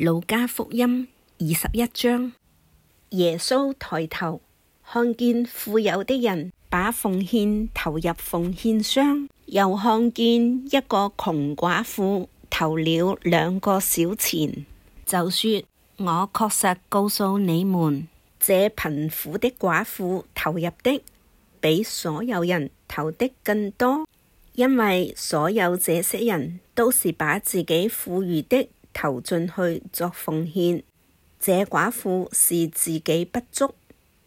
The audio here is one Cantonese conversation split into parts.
《路加福音》二十一章，耶穌抬頭看見富有的人把奉獻投入奉獻箱，又看見一個窮寡婦投了兩個小錢，就說：我確實告訴你們，這貧苦的寡婦投入的比所有人投的更多，因為所有這些人都是把自己富裕的。投進去作奉獻。這寡婦是自己不足，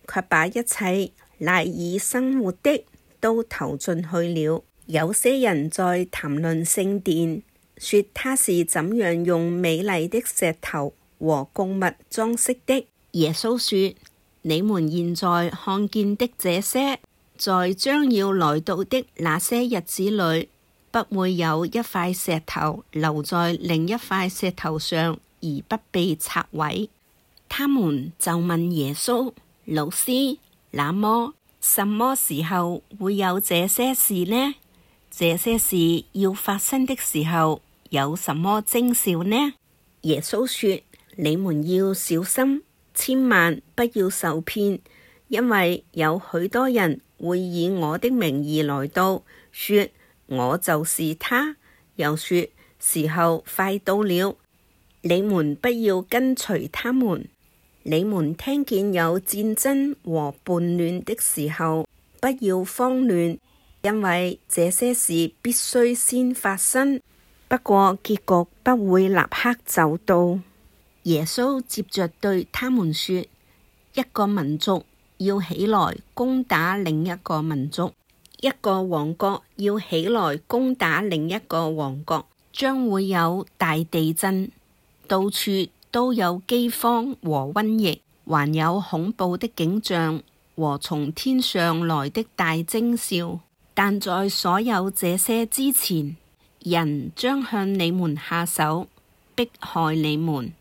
卻把一切賴以生活的都投進去了。有些人在談論聖殿，說他是怎樣用美麗的石頭和供物裝飾的。耶穌說：你們現在看見的這些，在將要來到的那些日子裏。不會有一塊石頭留在另一塊石頭上而不被拆毀。他們就問耶穌：老師，那麼什麼時候會有這些事呢？這些事要發生的時候有什麼徵兆呢？耶穌說：你們要小心，千萬不要受騙，因為有許多人會以我的名義來到，說。我就是他，又說，時候快到了，你們不要跟隨他們。你們聽見有戰爭和叛亂的時候，不要慌亂，因為這些事必須先發生，不過結局不會立刻就到。耶穌接着對他們說：一個民族要起來攻打另一個民族。一個王國要起來攻打另一個王國，將會有大地震，到處都有饑荒和瘟疫，還有恐怖的景象和從天上來的大徵兆。但在所有這些之前，人將向你們下手，迫害你們，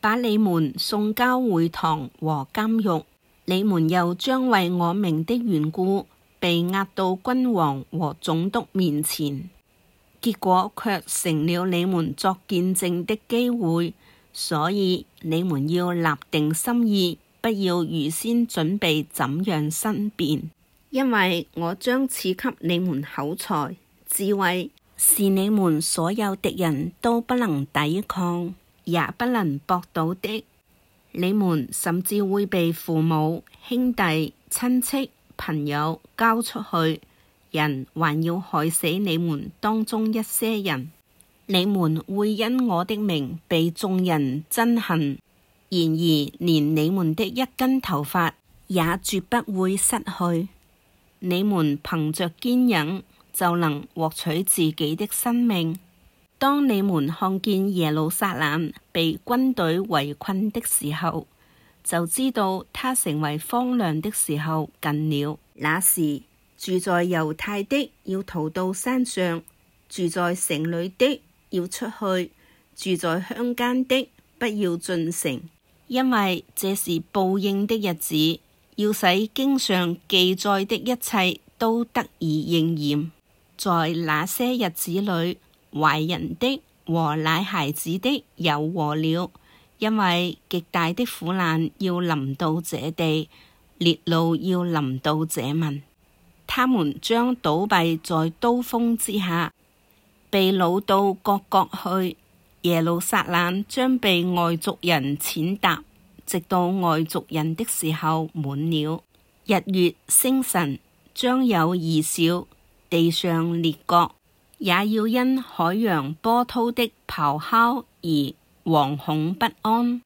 把你們送交會堂和監獄。你們又將為我名的緣故。被押到君王和總督面前，結果卻成了你們作見證的機會。所以你們要立定心意，不要預先準備怎樣申辯，因為我將賜給你們口才、智慧，是你們所有敵人都不能抵抗，也不能駁到的。你們甚至會被父母、兄弟、親戚。朋友交出去，人還要害死你們當中一些人，你們會因我的名被眾人憎恨。然而，連你們的一根頭髮也絕不會失去。你們憑着堅忍就能獲取自己的生命。當你們看見耶路撒冷被軍隊圍困的時候，就知道他成為荒涼的時候近了。那時住在猶太的要逃到山上，住在城裏的要出去，住在鄉間的不要進城，因為這是報應的日子，要使經上記載的一切都得以應驗。在那些日子裏，懷孕的和奶孩子的有禍了。因為極大的苦難要臨到這地，烈怒要臨到這民，他們將倒閉在刀鋒之下，被擄到各國去。耶路撒冷將被外族人踐踏，直到外族人的時候滿了。日月星辰將有異兆，地上列國也要因海洋波濤的咆哮而惶恐不安，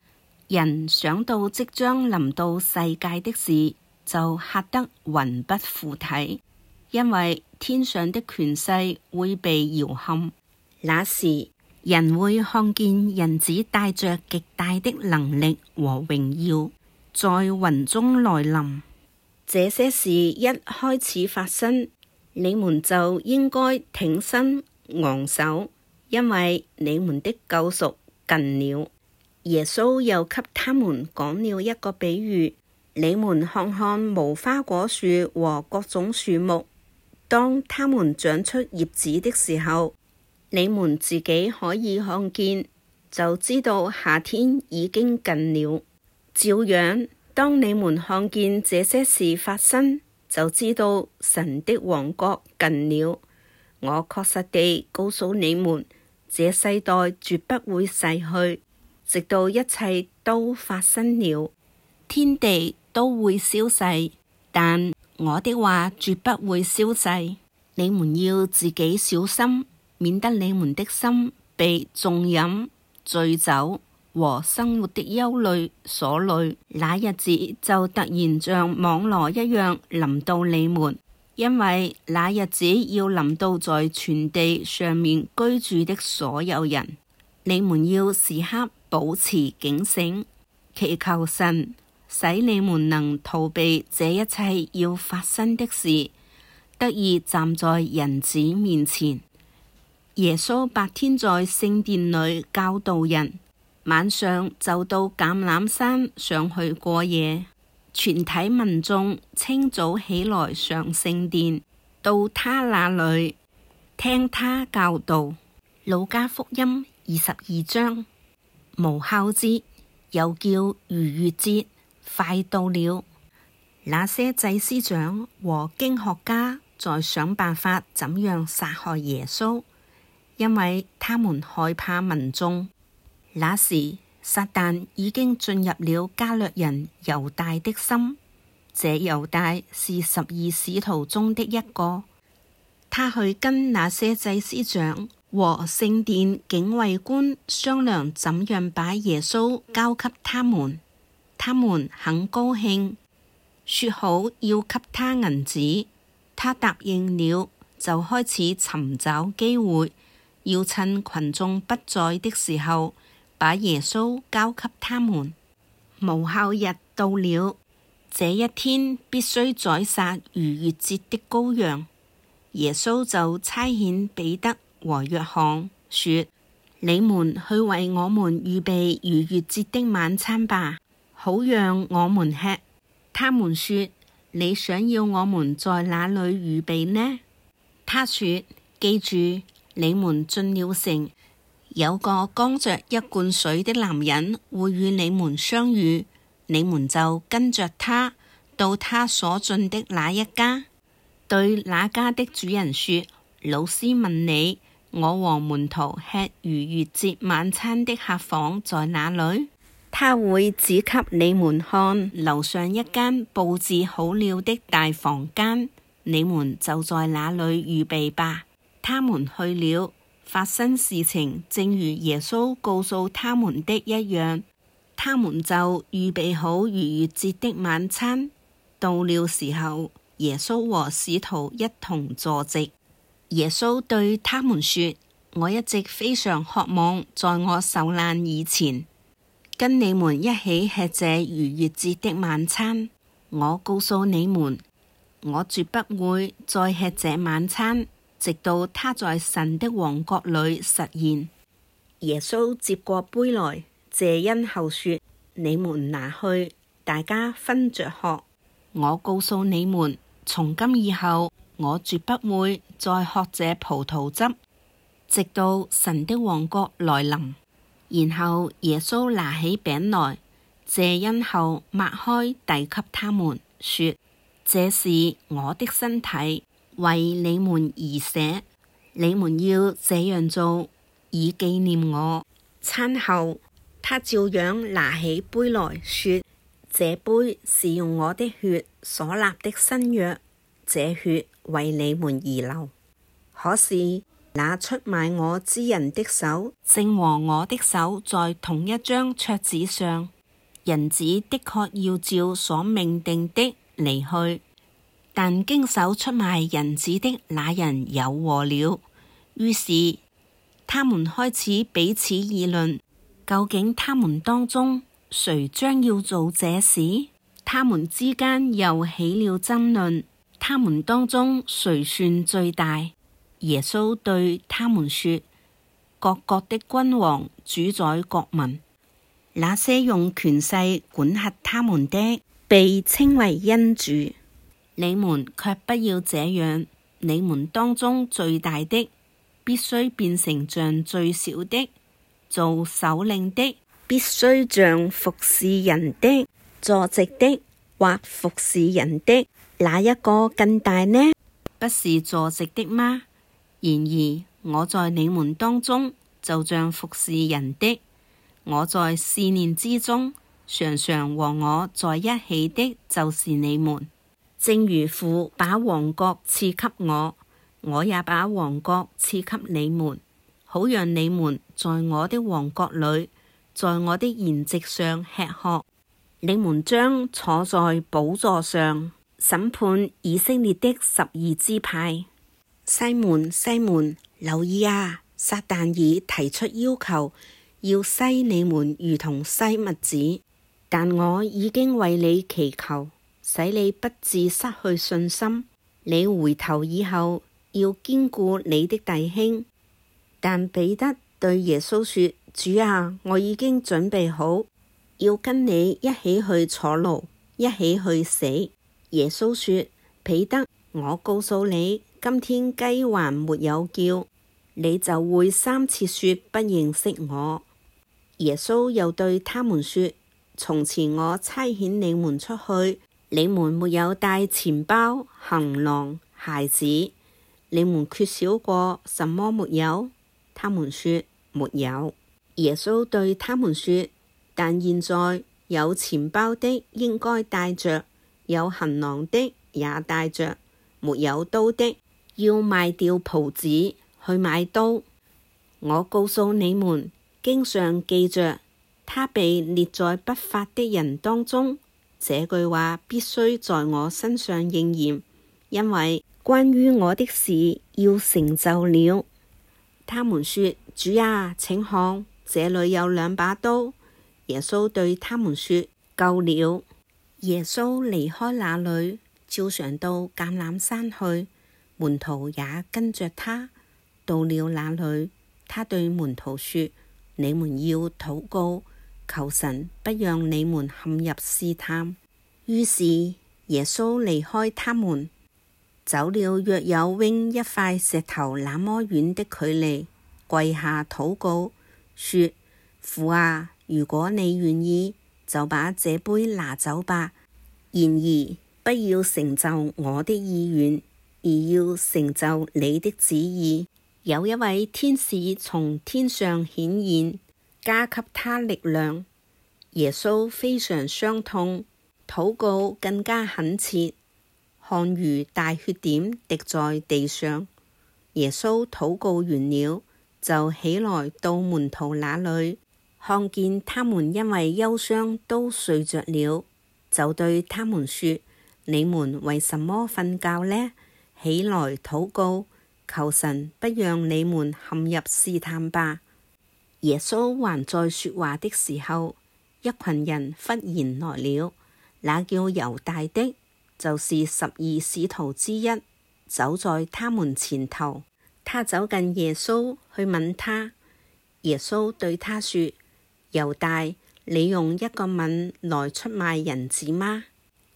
人想到即將臨到世界的事，就嚇得魂不附體。因為天上的權勢會被搖撼，那時人會看見人子帶着極大的能力和榮耀在雲中來臨。這些事一開始發生，你們就應該挺身昂首，因為你們的救贖。近了，耶穌又給他們講了一個比喻：你們看看無花果樹和各種樹木，當它們長出葉子的時候，你們自己可以看見，就知道夏天已經近了。照樣，當你們看見這些事發生，就知道神的王國近了。我確實地告訴你們。這世代絕不會逝去，直到一切都發生了，天地都會消逝，但我的話絕不會消逝。你們要自己小心，免得你們的心被縱飲、醉酒和生活的憂慮所累。那日子就突然像網羅一樣臨到你們。因為那日子要臨到在全地上面居住的所有人，你們要時刻保持警醒，祈求神，使你們能逃避這一切要發生的事，得以站在人子面前。耶穌白天在聖殿裏教導人，晚上就到橄欖山上去過夜。全體民眾清早起來上聖殿，到他那裏聽他教導。《路加福音》二十二章，無酵節又叫逾越節快到了，那些祭司長和經學家在想辦法怎樣殺害耶穌，因為他們害怕民眾。那時，撒旦已經進入了加略人猶大的心，這猶大是十二使徒中的一個。他去跟那些祭司長和聖殿警衛官商量，怎樣把耶穌交給他們。他們很高興，說好要給他銀子，他答應了，就開始尋找機會，要趁群眾不在的時候。把耶穌交給他們。無酵日到了，這一天必須宰殺逾越節的羔羊。耶穌就差遣彼得和約翰說：你們去為我們預備逾越節的晚餐吧，好讓我們吃。他們說：你想要我們在哪裏預備呢？他說：記住，你們進了城。有個扛着一罐水的男人會與你們相遇，你們就跟着他到他所進的那一家，對那家的主人說：老師問你，我和門徒吃逾越節晚餐的客房在哪裏？他會指給你們看樓上一間佈置好了的大房間，你們就在那裏預備吧。他們去了。發生事情正如耶穌告訴他們的一樣，他們就預備好逾越節的晚餐。到了時候，耶穌和使徒一同坐席。耶穌對他們說：我一直非常渴望在我受難以前，跟你們一起吃這逾越節的晚餐。我告訴你們，我絕不會再吃這晚餐。直到他在神的王國裏實現。耶穌接過杯來，謝恩後說：你們拿去，大家分着喝。我告訴你們，從今以後，我絕不會再喝這葡萄汁，直到神的王國來臨。然後耶穌拿起餅來，謝恩後擘開，遞給他們，說：這是我的身體。為你們而寫，你們要這樣做，以紀念我。餐後，他照樣拿起杯來說：這杯是用我的血所立的新約，這血為你們而流。可是那出賣我之人的手，正和我的手在同一張桌子上。人子的確要照所命定的離去。但經手出賣人子的那人有禍了。於是他們開始彼此議論，究竟他們當中誰將要做這事？他們之間又起了爭論，他們當中誰算最大？耶穌對他們說：各國的君王主宰國民，那些用權勢管轄他們的，被稱為恩主。你們卻不要這樣。你們當中最大的，必須變成像最小的，做首領的必須像服侍人的、坐席的或服侍人的，哪一個更大呢？不是坐席的嗎？然而我在你們當中就像服侍人的。我在思念之中，常常和我在一起的就是你們。正如父把王國賜給我，我也把王國賜給你們，好讓你們在我的王國裏，在我的筵席上吃喝。你們將坐在寶座上審判以色列的十二支派。西門，西門，留意啊！撒旦已提出要求，要篩你們如同篩麥子，但我已經為你祈求。使你不至失去信心。你回頭以後要堅固你的弟兄。但彼得對耶穌說：主啊，我已經準備好要跟你一起去坐牢，一起去死。耶穌說：彼得，我告訴你，今天雞還沒有叫，你就會三次說不認識我。耶穌又對他們說：從前我差遣你們出去。你們沒有帶錢包、行囊、鞋子，你們缺少過什麼沒有？他們說沒有。耶穌對他們說：但現在有錢包的應該帶着，有行囊的也帶着，沒有刀的要賣掉袍子去買刀。我告訴你們，經常記着他被列在不法的人當中。這句話必須在我身上應驗，因為關於我的事要成就了。他們說：主啊，請看，這裏有兩把刀。耶穌對他們說：夠了。耶穌離開那裏，照常到橄欖山去，門徒也跟着他。到了那裏，他對門徒說：你們要禱告。求神不讓你們陷入試探。於是耶穌離開他們，走了約有扔一塊石頭那麼遠的距離，跪下禱告，說：父啊，如果你願意，就把這杯拿走吧。然而不要成就我的意願，而要成就你的旨意。有一位天使從天上顯現。加給他力量，耶穌非常傷痛，禱告更加懇切，汗如大血點滴在地上。耶穌禱告完了，就起來到門徒那裏，看見他們因為憂傷都睡着了，就對他們說：你們為什麼瞓覺呢？起來禱告，求神不讓你們陷入試探吧。耶穌還在說話的時候，一群人忽然來了。那叫猶大的，就是十二使徒之一，走在他們前頭。他走近耶穌去吻他。耶穌對他說：猶大，你用一個吻來出賣人子嗎？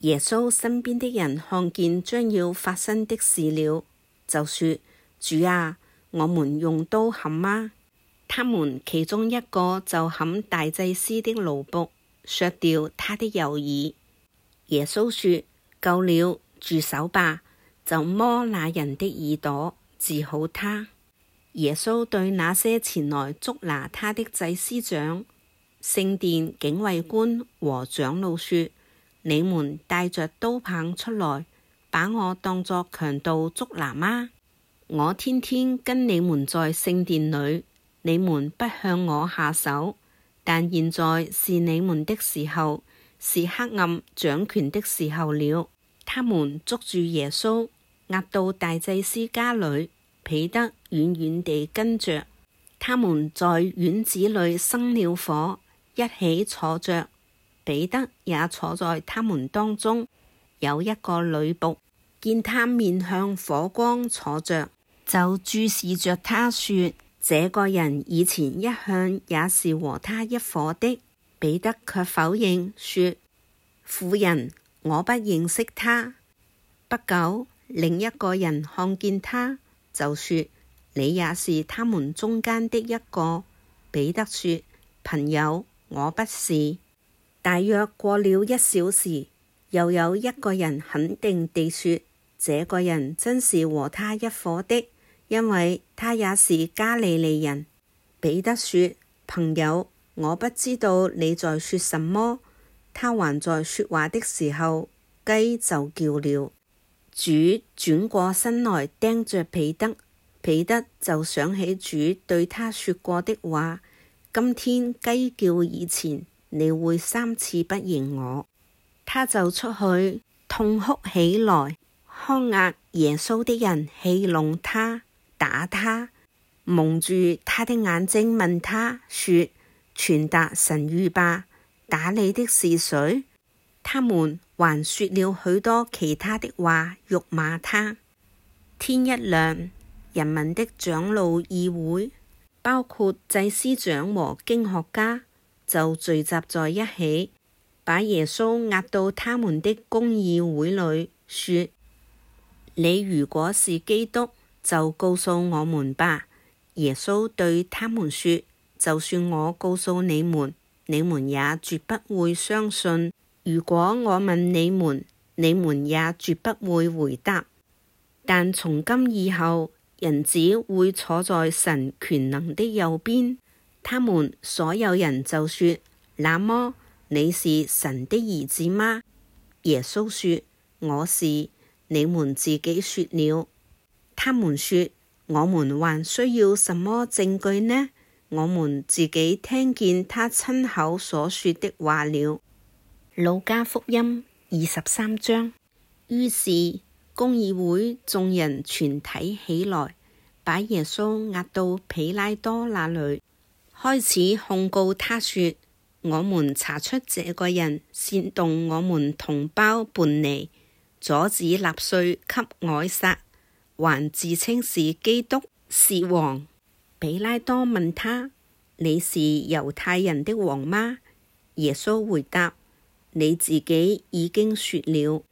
耶穌身邊的人看見將要發生的事了，就說：主啊，我們用刀砍嗎？他們其中一個就砍大祭司的奴僕，削掉他的右耳。耶穌說：夠了，住手吧！就摸那人的耳朵，治好他。耶穌對那些前來捉拿他的祭司長、聖殿警衛官和長老說：你們帶着刀棒出來，把我當作強盜捉拿嗎？我天天跟你們在聖殿裏。你們不向我下手，但現在是你們的時候，是黑暗掌權的時候了。他們捉住耶穌，押到大祭司家裏。彼得遠遠地跟着。他們在院子裏生了火，一起坐着。彼得也坐在他們當中。有一個女僕見他面向火光坐着，就注視着他說。這個人以前一向也是和他一夥的，彼得卻否認，說：婦人，我不認識他。不久，另一個人看見他，就說：你也是他們中間的一個。彼得說：朋友，我不是。大約過了一小時，又有一個人肯定地說：這個人真是和他一夥的。因為他也是加利利人，彼得說：“朋友，我不知道你在說什麼。”他還在說話的時候，雞就叫了。主轉過身來盯着彼得，彼得就想起主對他說過的話：“今天雞叫以前，你會三次不認我。”他就出去痛哭起來，看押耶穌的人戲弄他。打他，蒙住他的眼睛，問他說：傳達神諭吧。打你的是誰？他們還說了許多其他的話，辱罵他。天一亮，人民的長老議會，包括祭司長和經學家，就聚集在一起，把耶穌押到他們的公議會裏，說：你如果是基督。就告訴我們吧，耶穌對他們說：就算我告訴你們，你們也絕不會相信；如果我問你們，你們也絕不會回答。但從今以後，人子會坐在神權能的右邊，他們所有人就說：那麼你是神的兒子嗎？耶穌說：我是，你們自己說了。他們說：我們還需要什麼證據呢？我們自己聽見他親口所說的話了。《路加福音》二十三章。於是公議會眾人全體起來，把耶穌押到彼拉多那裏，開始控告他說：我們查出這個人煽動我們同胞叛逆，阻止納稅給凱撒。還自稱是基督是王。比拉多問他：你是猶太人的王嗎？耶穌回答：你自己已經說了。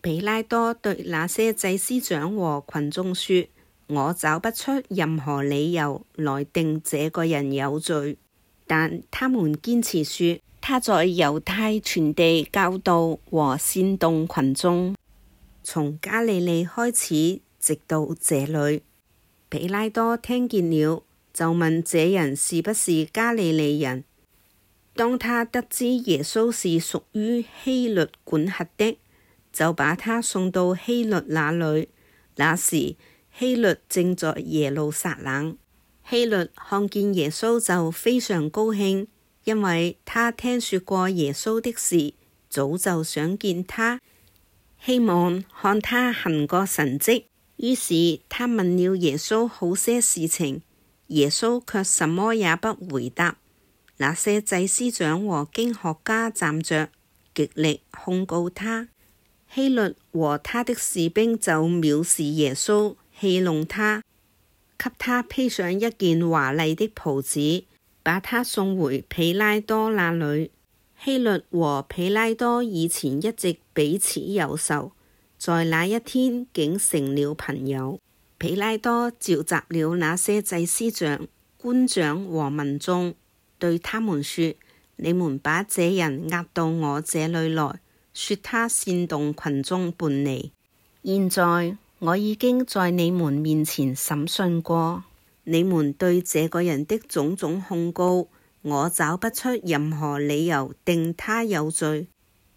比拉多對那些祭司長和群眾說：我找不出任何理由來定這個人有罪，但他們堅持說他在猶太傳遞教導和煽動群眾，從加利利開始直到這裏，比拉多聽見了，就問這人是不是加利利人。當他得知耶穌是屬於希律管轄的，就把他送到希律那裏。那時希律正在耶路撒冷，希律看見耶穌就非常高興，因為他聽說過耶穌的事，早就想見他，希望看他行個神跡。於是他問了耶穌好些事情，耶穌卻什麼也不回答。那些祭司長和經學家站着極力控告他。希律和他的士兵就藐視耶穌，戲弄他，給他披上一件華麗的袍子，把他送回彼拉多那裡。希律和彼拉多以前一直彼此有仇。在那一天，竟成了朋友。彼拉多召集了那些祭司長、官長和民眾，對他們說：你們把這人押到我這裏來，說他煽動群眾叛離。現在我已經在你們面前審訊過，你們對這個人的種種控告，我找不出任何理由定他有罪，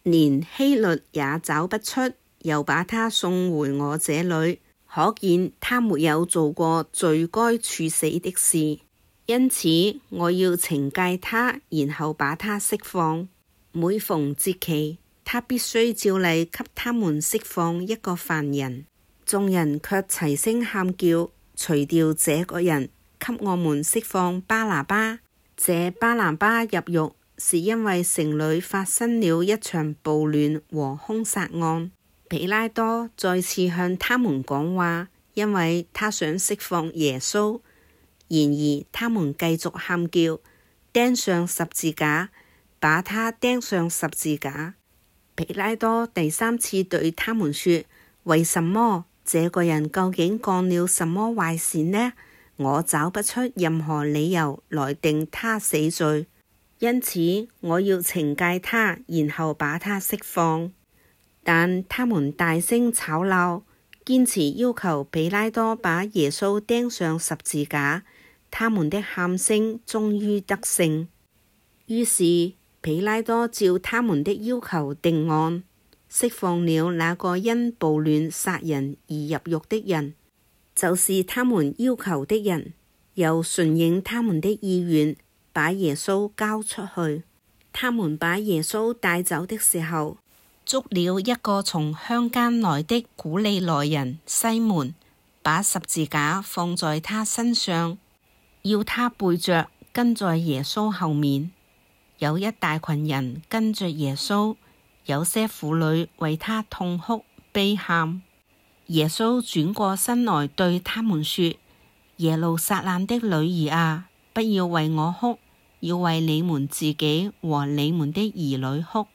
連希律也找不出。又把他送回我這裏，可見他沒有做過罪該處死的事，因此我要懲戒他，然後把他釋放。每逢節期，他必須照例給他們釋放一個犯人。眾人卻齊聲喊叫：除掉這個人，給我們釋放巴拿巴。這巴拿巴入獄是因為城裏發生了一場暴亂和凶殺案。彼拉多再次向他們講話，因為他想釋放耶穌。然而，他們繼續喊叫，釘上十字架，把他釘上十字架。彼拉多第三次對他們說：為什麼這個人究竟幹了什麼壞事呢？我找不出任何理由來定他死罪，因此我要懲戒他，然後把他釋放。但他們大聲吵鬧，堅持要求彼拉多把耶穌釘上十字架。他們的喊聲終於得勝，於是彼拉多照他們的要求定案，釋放了那個因暴亂殺人而入獄的人，就是他們要求的人，又順應他們的意願把耶穌交出去。他們把耶穌帶走的時候。捉了一個從鄉間來的古利奈人西門，把十字架放在他身上，要他背着跟在耶穌後面。有一大群人跟着耶穌，有些婦女為他痛哭悲喊。耶穌轉過身來對他們說：耶路撒冷的女兒啊，不要為我哭，要為你們自己和你們的兒女哭。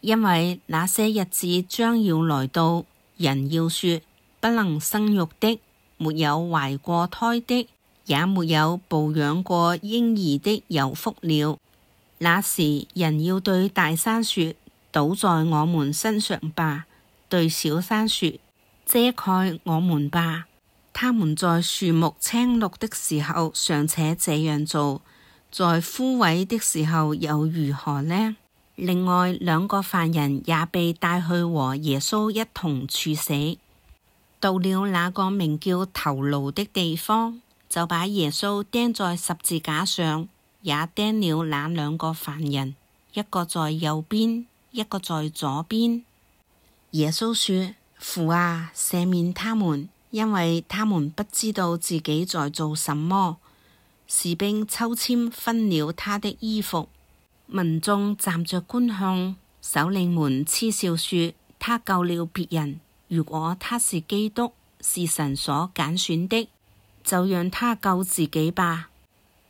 因為那些日子將要來到，人要說不能生育的，沒有懷過胎的，也沒有抱養過嬰兒的有福了。那時人要對大山說：「倒在我們身上吧」，對小山說：「遮蓋我們吧」。他們在樹木青綠的時候尚且這樣做，在枯萎的時候又如何呢？另外兩個犯人也被帶去和耶穌一同處死。到了那個名叫頭顱的地方，就把耶穌釘在十字架上，也釘了那兩個犯人，一個在右邊，一個在左邊。耶穌說：父啊，赦免他們，因為他們不知道自己在做什麼。士兵抽籤分了他的衣服。民眾站着觀看，首領們嗤笑說：他救了別人，如果他是基督，是神所揀選的，就讓他救自己吧。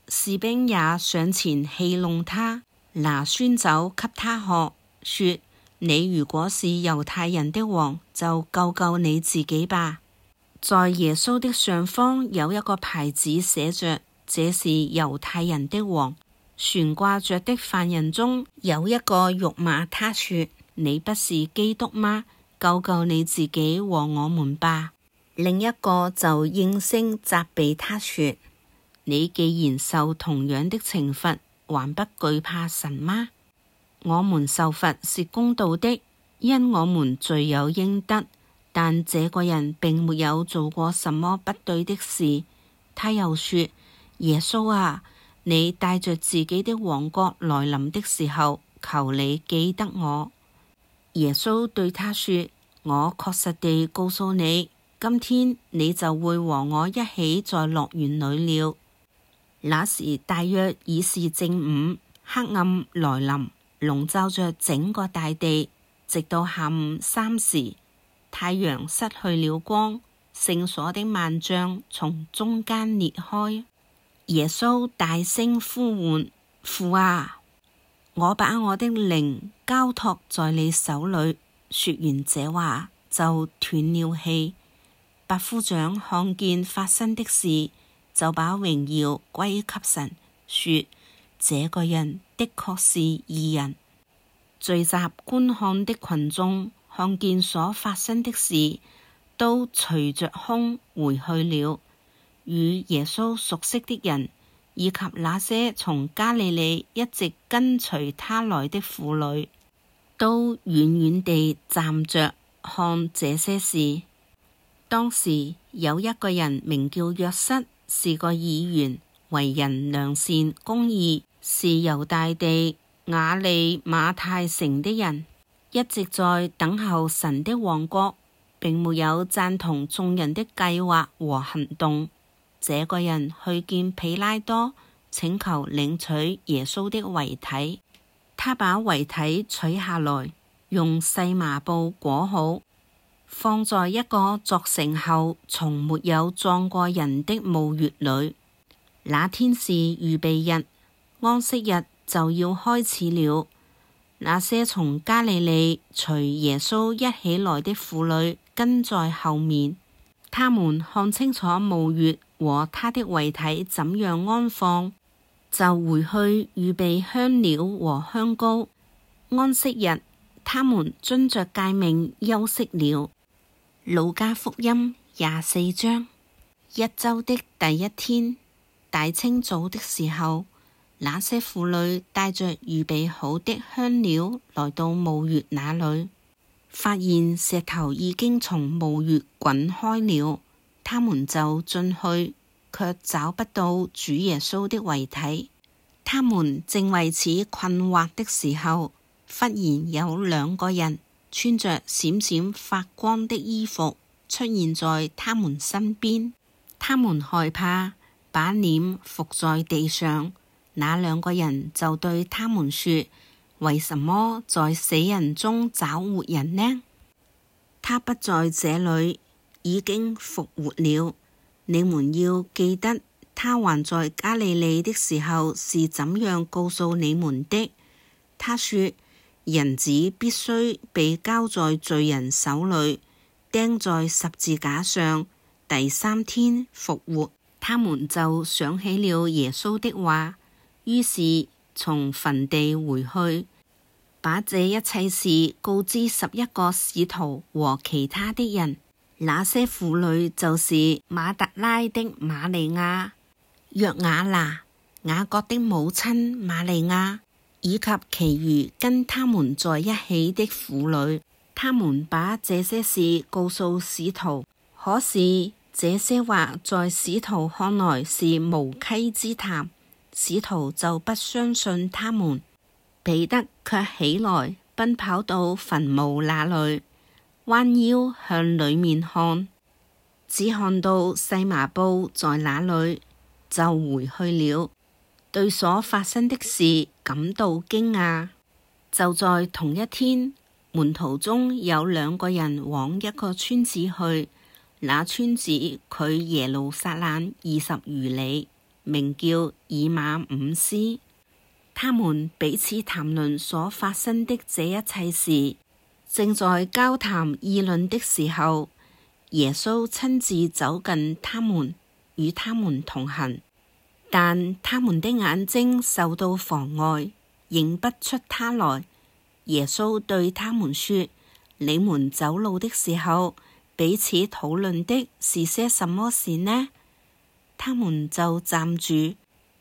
士兵也上前戲弄他，拿酸酒給他喝，說：你如果是猶太人的王，就救救你自己吧。在耶穌的上方有一個牌子，寫着：這是猶太人的王。懸掛着的犯人中有一個辱罵他，說：你不是基督嗎？救救你自己和我們吧！另一個就應聲責備他說：你既然受同樣的懲罰，還不懼怕神嗎？我們受罰是公道的，因我們罪有應得。但這個人並沒有做過什麼不對的事，他又說：耶穌啊！你帶着自己的王國來臨的時候，求你記得我。耶穌對他說，我確實地告訴你，今天你就會和我一起在樂園裏了。那時大約已是正午，黑暗來臨，籠罩着整個大地，直到下午三時，太陽失去了光，聖所的幔帳從中間裂開。耶穌大聲呼喚，父啊！我把我的靈交託在你手裏。說完這話，就斷了氣。百夫長看見發生的事，就把榮耀歸給神，說：這個人的確是義人。聚集觀看的群眾看見所發生的事，都捶著胸回去了。與耶穌熟悉的人，以及那些從加利利一直跟隨他來的婦女，都遠遠地站着看這些事。當時有一個人名叫約瑟，是個議員，為人良善公義，是猶大地雅利馬太城的人，一直在等候神的王國，並沒有讚同眾人的計劃和行動。這個人去見彼拉多，請求領取耶穌的遺體。他把遺體取下來，用細麻布裹好，放在一個作成後從沒有葬過人的墓穴裏。那天是預備日，安息日就要開始了。那些從加利利隨耶穌一起來的婦女跟在後面，他們看清楚墓穴。和他的遺體怎樣安放，就回去預備香料和香膏。安息日，他們遵着誡命休息了。《路加福音》廿四章，一周的第一天，大清早的時候，那些婦女帶着預備好的香料來到墓穴那裏，發現石頭已經從墓穴滾開了。他們就進去，卻找不到主耶穌的遺體。他們正為此困惑的時候，忽然有兩個人穿着閃閃發光的衣服出現在他們身邊。他們害怕，把臉伏在地上。那兩個人就對他們說：為什麼在死人中找活人呢？他不在這裏。已經復活了。你們要記得，他還在加利利的時候是怎樣告訴你們的。他說：人子必須被交在罪人手裏，釘在十字架上，第三天復活。他們就想起了耶穌的話，於是從墳地回去，把這一切事告知十一個使徒和其他的人。那些婦女就是馬達拉的瑪利亞、約瓦拿、雅各的母親瑪利亞，以及其餘跟他們在一起的婦女。他們把這些事告訴使徒，可是這些話在使徒看來是無稽之談，使徒就不相信他們。彼得却起來，奔跑到墳墓那裏。彎腰向裏面看，只看到細麻布在那裏，就回去了，對所發生的事感到驚訝。就在同一天，門徒中有兩個人往一個村子去，那村子距耶路撒冷二十餘里，名叫以馬忤斯。他們彼此談論所發生的這一切事。正在交談議論的時候，耶穌親自走近他們，與他們同行，但他們的眼睛受到妨礙，認不出他來。耶穌對他們說：你們走路的時候，彼此討論的是些什麼事呢？他們就站住，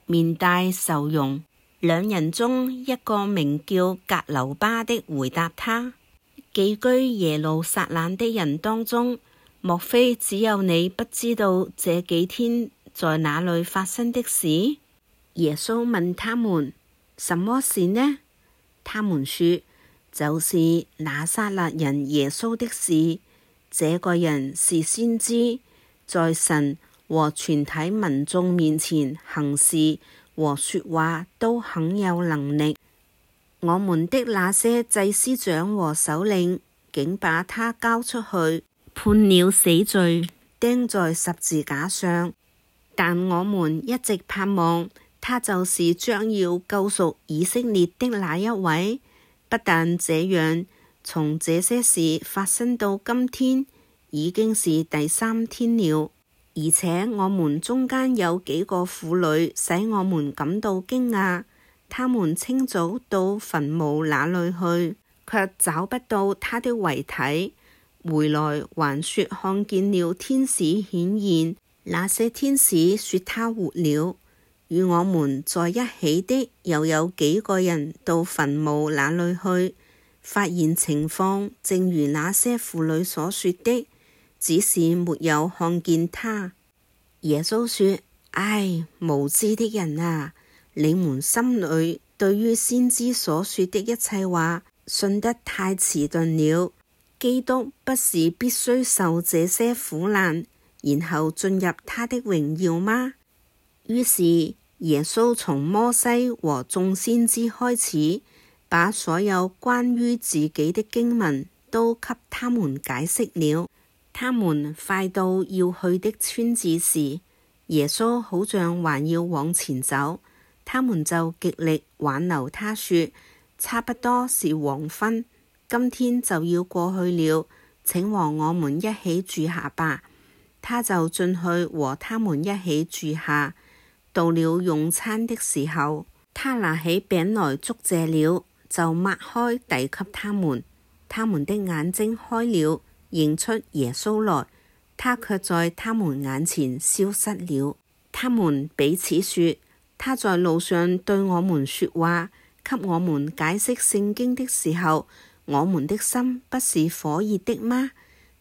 面帶愁容。兩人中一個名叫格留巴的，回答他。寄居耶路撒冷的人當中，莫非只有你不知道這幾天在哪裏發生的事？耶穌問他們：什麼事呢？他們說：就是拿撒勒人耶穌的事。這個人是先知，在神和全體民眾面前行事和說話都很有能力。我們的那些祭司長和首領竟把他交出去，判了死罪，釘在十字架上。但我們一直盼望他就是將要救贖以色列的那一位。不但這樣，從這些事發生到今天，已經是第三天了。而且我們中間有幾個婦女使我們感到驚訝。他們清早到墳墓那裏去，卻找不到他的遺體，回來還說看見了天使顯現。那些天使說他活了，與我們在一起的又有幾個人到墳墓那裏去，發現情況正如那些婦女所說的，只是沒有看見他。耶穌說：唉，無知的人啊！你們心裏對於先知所說的一切話信得太遲鈍了。基督不是必須受這些苦難，然後進入他的榮耀嗎？於是耶穌從摩西和眾先知開始，把所有關於自己的經文都給他們解釋了。他們快到要去的村子時，耶穌好像還要往前走。他們就極力挽留，他說：差不多是黃昏，今天就要過去了。請和我們一起住下吧。他就進去和他們一起住下。到了用餐的時候，他拿起餅來祝謝了，就擘開遞給他們。他們的眼睛開了，認出耶穌來，他卻在他們眼前消失了。他們彼此說：他在路上對我們說話，給我們解釋聖經的時候，我們的心不是火熱的嗎？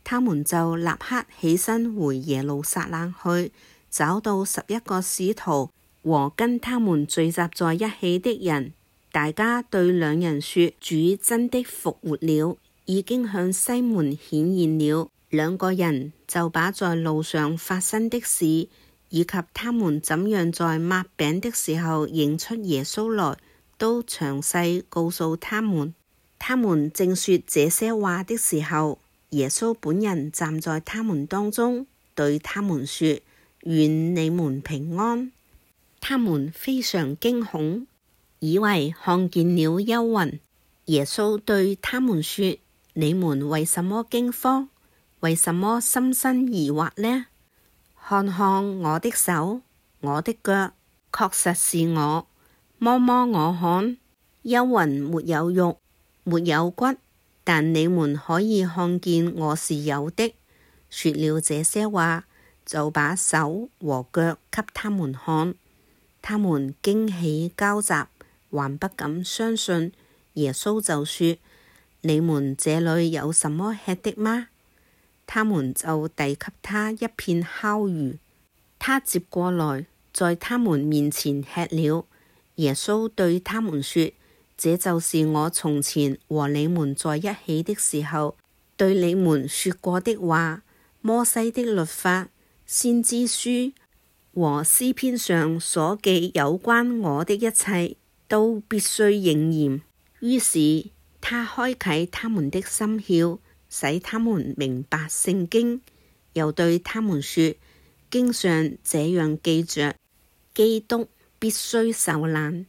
他們就立刻起身回耶路撒冷去，找到十一個使徒和跟他們聚集在一起的人，大家對兩人說：主真的復活了，已經向西門顯現了。兩個人就把在路上發生的事，以及他們怎樣在抹餅的時候認出耶穌來，都詳細告訴他們。他們正說這些話的時候，耶穌本人站在他們當中，對他們說：願你們平安。他們非常驚恐，以為看見了幽魂。耶穌對他們說：你們為什麼驚慌？為什麼心生疑惑呢？.看看我的手，我的腳，確實是我，摸摸我看。幽魂沒有肉，沒有骨，但你們可以看見我是有的。說了這些話，就把手和腳給他們看，他們驚喜交集，還不敢相信。耶穌就說：你們這裡有什麼吃的嗎？他們就遞給他一片烤魚，他接過來，在他們面前吃了。耶穌對他們說：「這就是我從前和你們在一起的時候，對你們說過的話。摩西的律法、先知書和詩篇上所記有關我的一切都必須應驗。」於是，他開啟他們的心竅。使他們明白聖經，又對他們說：經上這樣記着，基督必須受難，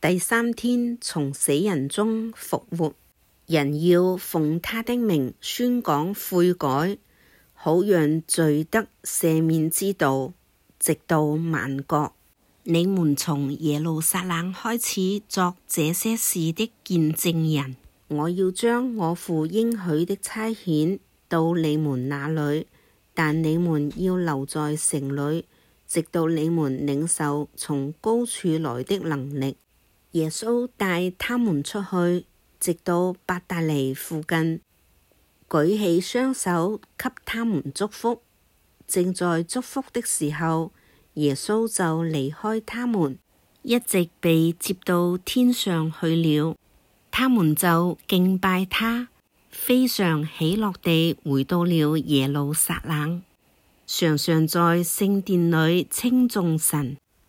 第三天從死人中復活。人要奉他的名宣講悔改，好讓罪得赦免之道，直到萬國。你們從耶路撒冷開始做這些事的見證人。我要將我父應許的差遣到你們那裡，但你們要留在城裡，直到你們領受從高處來的能力。耶穌帶他們出去，直到伯大尼附近，舉起雙手給他們祝福。正在祝福的時候，耶穌就離開他們，一直被接到天上去了。他們就敬拜他，非常喜樂地回到了耶路撒冷，常常在聖殿裏稱頌神。